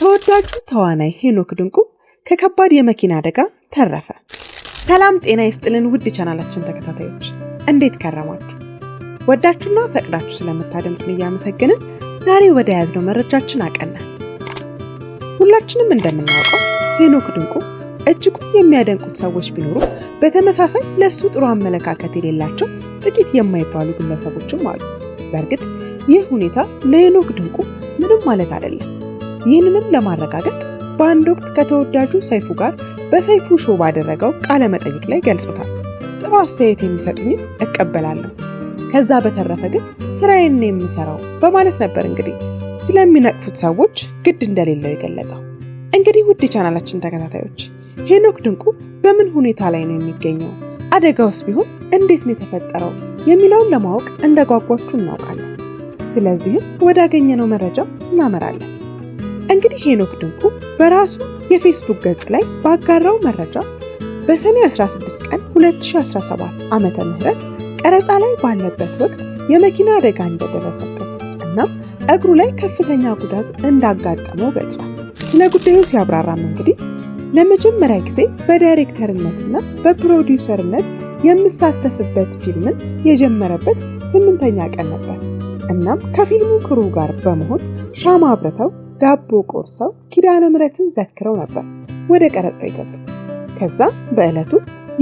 ተወዳጁ ተዋናይ ሄኖክ ድንቁ ከከባድ የመኪና አደጋ ተረፈ። ሰላም ጤና ይስጥልን ውድ ቻናላችን ተከታታዮች እንዴት ከረማችሁ? ወዳችሁና ፈቅዳችሁ ስለምታደምጡን እያመሰገንን ዛሬ ወደ ያዝነው መረጃችን አቀና። ሁላችንም እንደምናውቀው ሄኖክ ድንቁ እጅጉን የሚያደንቁት ሰዎች ቢኖሩ በተመሳሳይ ለእሱ ጥሩ አመለካከት የሌላቸው ጥቂት የማይባሉ ግለሰቦችም አሉ። በእርግጥ ይህ ሁኔታ ለሄኖክ ድንቁ ምንም ማለት አይደለም። ይህንንም ለማረጋገጥ በአንድ ወቅት ከተወዳጁ ሰይፉ ጋር በሰይፉ ሾው ባደረገው ቃለ መጠይቅ ላይ ገልጾታል። ጥሩ አስተያየት የሚሰጡኝም እቀበላለሁ፣ ከዛ በተረፈ ግን ስራዬን የምሰራው በማለት ነበር እንግዲህ ስለሚነቅፉት ሰዎች ግድ እንደሌለው የገለጸው። እንግዲህ ውድ ቻናላችን ተከታታዮች ሄኖክ ድንቁ በምን ሁኔታ ላይ ነው የሚገኘው? አደጋውስ ቢሆን እንዴት ነው የተፈጠረው የሚለውን ለማወቅ እንደጓጓችሁ እናውቃለን። ስለዚህም ወዳገኘነው መረጃ እናመራለን። እንግዲህ ሄኖክ ድንቁ በራሱ የፌስቡክ ገጽ ላይ ባጋራው መረጃ በሰኔ 16 ቀን 2017 ዓመተ ምህረት ቀረጻ ላይ ባለበት ወቅት የመኪና አደጋ እንደደረሰበት እና እግሩ ላይ ከፍተኛ ጉዳት እንዳጋጠመው ገልጿል። ስለ ጉዳዩ ሲያብራራም እንግዲህ ለመጀመሪያ ጊዜ በዳይሬክተርነትና በፕሮዲውሰርነት የምሳተፍበት ፊልምን የጀመረበት ስምንተኛ ቀን ነበር። እናም ከፊልሙ ክሩ ጋር በመሆን ሻማ አብርተው ዳቦ ቆርሰው ኪዳነ ምረትን ዘክረው ነበር ወደ ቀረጻው የገቡት። ከዛም በዕለቱ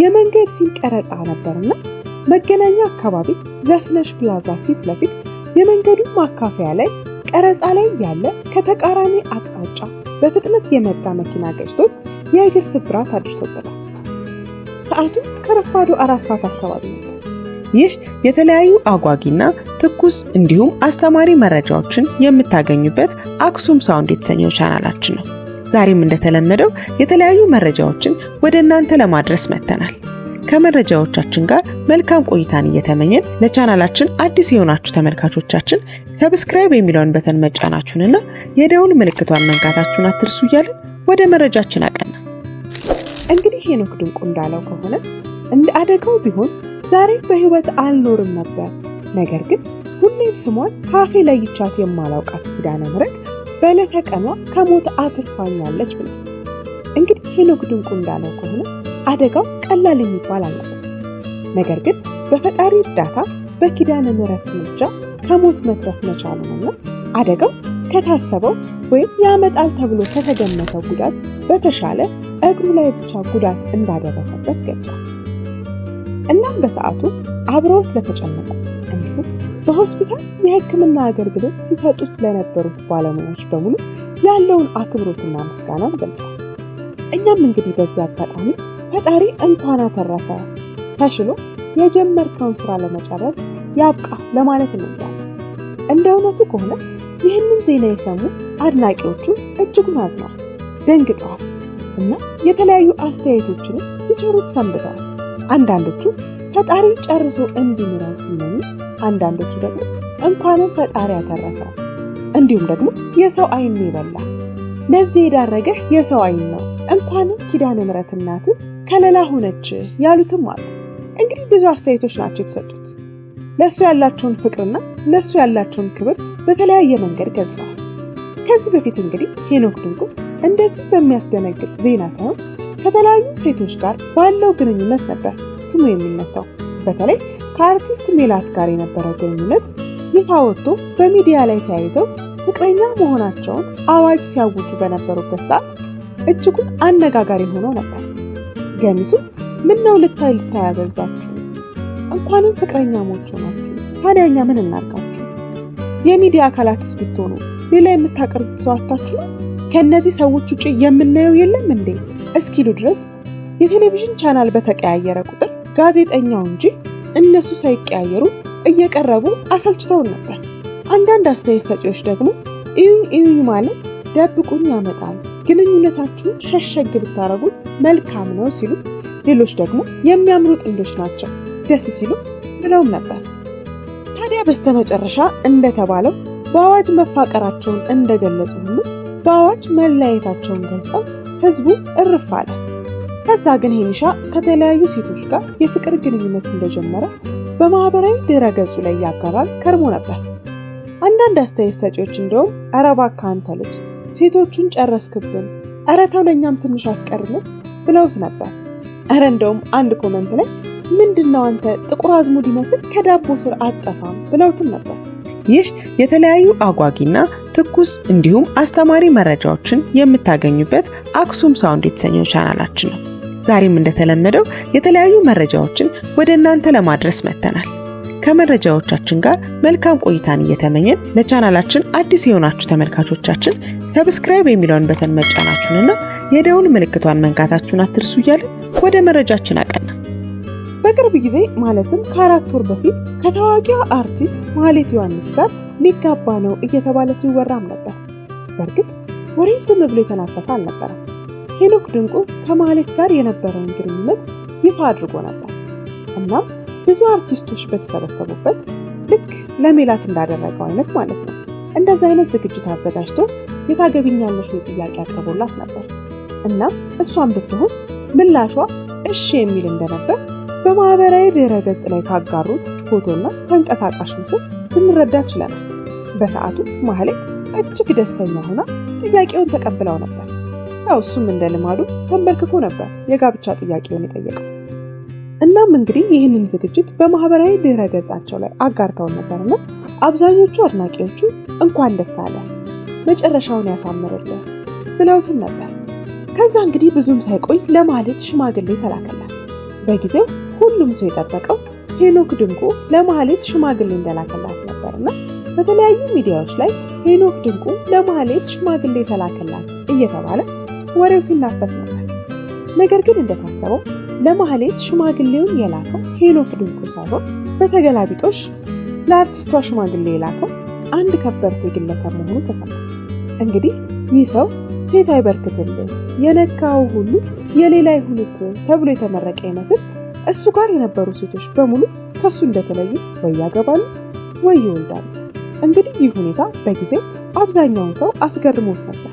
የመንገድ ሲን ቀረጻ ነበርና መገናኛ አካባቢ ዘፍነሽ ፕላዛ ፊት ለፊት የመንገዱ ማካፈያ ላይ ቀረጻ ላይ ያለ ከተቃራኒ አቅጣጫ በፍጥነት የመጣ መኪና ገጭቶት የእግር ስብራት አድርሶበታል። ሰዓቱ ከረፋዱ አራት ሰዓት አካባቢ ነበር። ይህ የተለያዩ አጓጊና ትኩስ እንዲሁም አስተማሪ መረጃዎችን የምታገኙበት አክሱም ሳውንድ የተሰኘው ቻናላችን ነው። ዛሬም እንደተለመደው የተለያዩ መረጃዎችን ወደ እናንተ ለማድረስ መጥተናል። ከመረጃዎቻችን ጋር መልካም ቆይታን እየተመኘን ለቻናላችን አዲስ የሆናችሁ ተመልካቾቻችን ሰብስክራይብ የሚለውን በተን መጫናችሁንና የደውል ምልክቷን መንካታችሁን አትርሱ እያልን ወደ መረጃችን አቀና። እንግዲህ ሄኖክ ድንቁ እንዳለው ከሆነ እንደ አደጋው ቢሆን ዛሬ በህይወት አልኖርም ነበር፣ ነገር ግን እኔም ስሟን ካፌ ለይቻት የማላውቃት ኪዳነ ምሕረት በዕለተ ቀኗ ከሞት አትርፋኛለች ብለ እንግዲህ ሄኖክ ድንቁ እንዳለው ከሆነ አደጋው ቀላል የሚባል አለ። ነገር ግን በፈጣሪ እርዳታ በኪዳነ ምሕረት ምርጫ ከሞት መትረፍ መቻሉ ነውና አደጋው ከታሰበው ወይም ያመጣል ተብሎ ከተገመተው ጉዳት በተሻለ እግሩ ላይ ብቻ ጉዳት እንዳደረሰበት ገልጿል። እናም በሰዓቱ አብረውት ለተጨነቁ በሆስፒታል የሕክምና አገልግሎት ሲሰጡት ለነበሩት ባለሙያዎች በሙሉ ያለውን አክብሮትና ምስጋናን ገልጿል። እኛም እንግዲህ በዛ አጋጣሚ ፈጣሪ እንኳን አተረፈ ተሽሎ የጀመርከውን ስራ ለመጨረስ ያብቃ ለማለት እንወዳለን። እንደ እውነቱ ከሆነ ይህንን ዜና የሰሙ አድናቂዎቹ እጅጉን አዝነዋል፣ ደንግጠዋል እና የተለያዩ አስተያየቶችንም ሲጭሩት ሰንብተዋል። አንዳንዶቹ ፈጣሪ ጨርሶ እንዲኖረው ሲመኙ አንዳንዶቹ ደግሞ እንኳንም ፈጣሪ ያተረፈ እንዲሁም ደግሞ የሰው አይን ይበላ ለዚህ የዳረገህ የሰው አይን ነው እንኳንም ኪዳነ ምሕረት እናትህ ከለላ ሆነች ያሉትም አሉ። እንግዲህ ብዙ አስተያየቶች ናቸው የተሰጡት። ለእሱ ያላቸውን ፍቅርና ለእሱ ያላቸውን ክብር በተለያየ መንገድ ገልጸዋል። ከዚህ በፊት እንግዲህ ሄኖክ ድንቁ እንደዚህ በሚያስደነግጥ ዜና ሳይሆን ከተለያዩ ሴቶች ጋር ባለው ግንኙነት ነበር ስሙ የሚነሳው። በተለይ ከአርቲስት ሜላት ጋር የነበረው ግንኙነት ይፋ ወጥቶ በሚዲያ ላይ ተያይዘው ፍቅረኛ መሆናቸውን አዋጅ ሲያውጁ በነበሩበት ሰዓት እጅጉን አነጋጋሪ ሆኖ ነበር። ገሚሱ ምን ነው ልታይ ልታይ አበዛችሁ፣ እንኳንም ፍቅረኛሞች ሆናችሁ ታዲያ እኛ ምን እናርጋችሁ? የሚዲያ አካላትስ ብትሆኑ ሌላ የምታቀርቡት ሰው አታችሁ ነው? ከእነዚህ ሰዎች ውጭ የምናየው የለም እንዴ እስኪሉ ድረስ የቴሌቪዥን ቻናል በተቀያየረ ቁጥር ጋዜጠኛው እንጂ እነሱ ሳይቀያየሩ እየቀረቡ አሰልችተውን ነበር። አንዳንድ አስተያየት ሰጪዎች ደግሞ እዩኝ እዩኝ ማለት ደብቁኝ ያመጣል፣ ግንኙነታችሁን ሸሸግ ብታረጉት መልካም ነው ሲሉ፣ ሌሎች ደግሞ የሚያምሩ ጥንዶች ናቸው ደስ ሲሉ ብለውም ነበር። ታዲያ በስተመጨረሻ እንደተባለው በአዋጅ መፋቀራቸውን እንደገለጹ ሁሉ በአዋጅ መለያየታቸውን ገልጸው ህዝቡ እርፍ አለ። ከዛ ግን ሄንሻ ከተለያዩ ሴቶች ጋር የፍቅር ግንኙነት እንደጀመረ በማህበራዊ ድረ ገጹ ላይ ያጋራል ከርሞ ነበር። አንዳንድ አስተያየት ሰጪዎች እንደውም ኧረ እባክህ አንተ ልጅ ሴቶቹን ጨረስክብን፣ ኧረ ተው ለእኛም ትንሽ አስቀርልን ብለውት ነበር። ኧረ እንደውም አንድ ኮመንት ላይ ምንድን ነው አንተ ጥቁር አዝሙድ ይመስል ከዳቦ ስር አጠፋም ብለውትም ነበር። ይህ የተለያዩ አጓጊና ትኩስ እንዲሁም አስተማሪ መረጃዎችን የምታገኙበት አክሱም ሳውንድ የተሰኘው ቻናላችን ነው። ዛሬም እንደተለመደው የተለያዩ መረጃዎችን ወደ እናንተ ለማድረስ መጥተናል። ከመረጃዎቻችን ጋር መልካም ቆይታን እየተመኘን ለቻናላችን አዲስ የሆናችሁ ተመልካቾቻችን ሰብስክራይብ የሚለውን በተን መጫናችሁንና የደውል ምልክቷን መንካታችሁን አትርሱ እያለን ወደ መረጃችን አቀና። በቅርብ ጊዜ ማለትም ከአራት ወር በፊት ከታዋቂዋ አርቲስት ማህሌት ዮሐንስ ጋር ሊጋባ ነው እየተባለ ሲወራም ነበር። በእርግጥ ወሬም ዝም ብሎ የተናፈሰ አልነበረም። ሄኖክ ድንቁ ከማህሌት ጋር የነበረውን ግንኙነት ይፋ አድርጎ ነበር። እናም ብዙ አርቲስቶች በተሰበሰቡበት ልክ ለሜላት እንዳደረገው አይነት ማለት ነው። እንደዚህ አይነት ዝግጅት አዘጋጅቶ የታገቢኛለሽ ጥያቄ አቅርቦላት ነበር። እናም እሷን ብትሆን ምላሿ እሺ የሚል እንደነበር በማህበራዊ ድረ ገጽ ላይ ካጋሩት ፎቶና ተንቀሳቃሽ ምስል ልንረዳ ችለናል። በሰዓቱ ማህሌት እጅግ ደስተኛ ሆና ጥያቄውን ተቀብለው ነበር። ያው እሱም እንደ ልማዱ ተንበርክኮ ነበር የጋብቻ ጥያቄውን የጠየቀው። እናም እንግዲህ ይህንን ዝግጅት በማህበራዊ ድህረ ገጻቸው ላይ አጋርተውን ነበርና አብዛኞቹ አድናቂዎቹ እንኳን ደስ አለ መጨረሻውን ያሳምርልህ ብለውትም ነበር። ከዛ እንግዲህ ብዙም ሳይቆይ ለማህሌት ሽማግሌ ተላከላት። በጊዜው ሁሉም ሰው የጠበቀው ሄኖክ ድንቁ ለማህሌት ሽማግሌ እንደላከላት ነበርና በተለያዩ ሚዲያዎች ላይ ሄኖክ ድንቁ ለማህሌት ሽማግሌ ተላከላት እየተባለ ወሬው ሲናፈስ ነበር። ነገር ግን እንደታሰበው ለማህሌት ሽማግሌውን የላከው ሄኖክ ድንቁ ሳይሆን በተገላቢጦሽ ለአርቲስቷ ሽማግሌ የላከው አንድ ከበርቴ ግለሰብ መሆኑ ተሰማ። እንግዲህ ይህ ሰው ሴት አይበርክትልህ የነካው ሁሉ የሌላ ይሁንብህ ተብሎ የተመረቀ ይመስል እሱ ጋር የነበሩ ሴቶች በሙሉ ከሱ እንደተለዩ ወይ ያገባሉ ወይ ይወልዳሉ። እንግዲህ ይህ ሁኔታ በጊዜ አብዛኛውን ሰው አስገርሞት ነበር።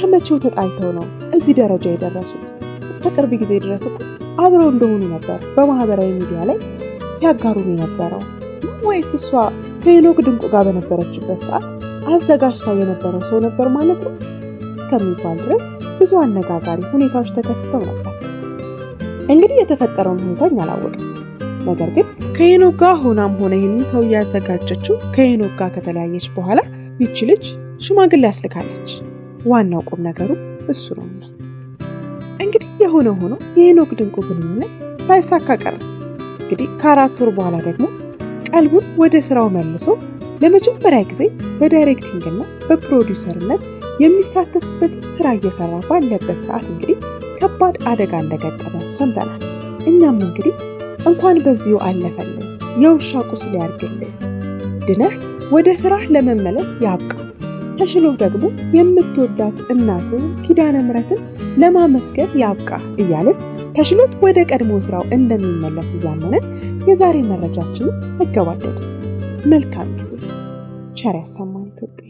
ከመቼው ተጣልተው ነው እዚህ ደረጃ የደረሱት? እስከ ቅርብ ጊዜ ድረስ እኮ አብረው እንደሆኑ ነበር በማህበራዊ ሚዲያ ላይ ሲያጋሩን የነበረው። ወይስ እሷ ከሄኖክ ድንቁ ጋር በነበረችበት ሰዓት አዘጋጅታው የነበረው ሰው ነበር ማለት ነው እስከሚባል ድረስ ብዙ አነጋጋሪ ሁኔታዎች ተከስተው ነበር። እንግዲህ የተፈጠረውን ሁኔታ አላወቅም። ነገር ግን ከሄኖክ ጋር ሆናም ሆነ ይህንን ሰው እያዘጋጀችው ከሄኖክ ጋር ከተለያየች በኋላ ይቺ ልጅ ሽማግሌ ያስልካለች። ዋናው ቁም ነገሩ እሱ ነውና። እንግዲህ የሆነ ሆኖ የሄኖክ ድንቁ ግንኙነት ሳይሳካ ቀረ። እንግዲህ ከአራት ወር በኋላ ደግሞ ቀልቡን ወደ ስራው መልሶ ለመጀመሪያ ጊዜ እና በፕሮዲውሰርነት የሚሳተፍበትን ስራ እየሰራ ባለበት ሰዓት እንግዲህ ከባድ አደጋ እንደገጠመው ሰምተናል። እኛም እንግዲህ እንኳን በዚሁ አለፈልን፣ የውሻ ቁስል ያድርግልን፣ ድነህ ወደ ስራህ ለመመለስ ያብቃ ተሽሎ ደግሞ የምትወዳት እናት ኪዳነ ምሕረትን ለማመስገን ያብቃ እያልን ተሽሎት ወደ ቀድሞ ስራው እንደሚመለስ እያመንን የዛሬ መረጃችንን እገባደድ። መልካም ጊዜ። ቸር ያሰማን ኢትዮጵያ።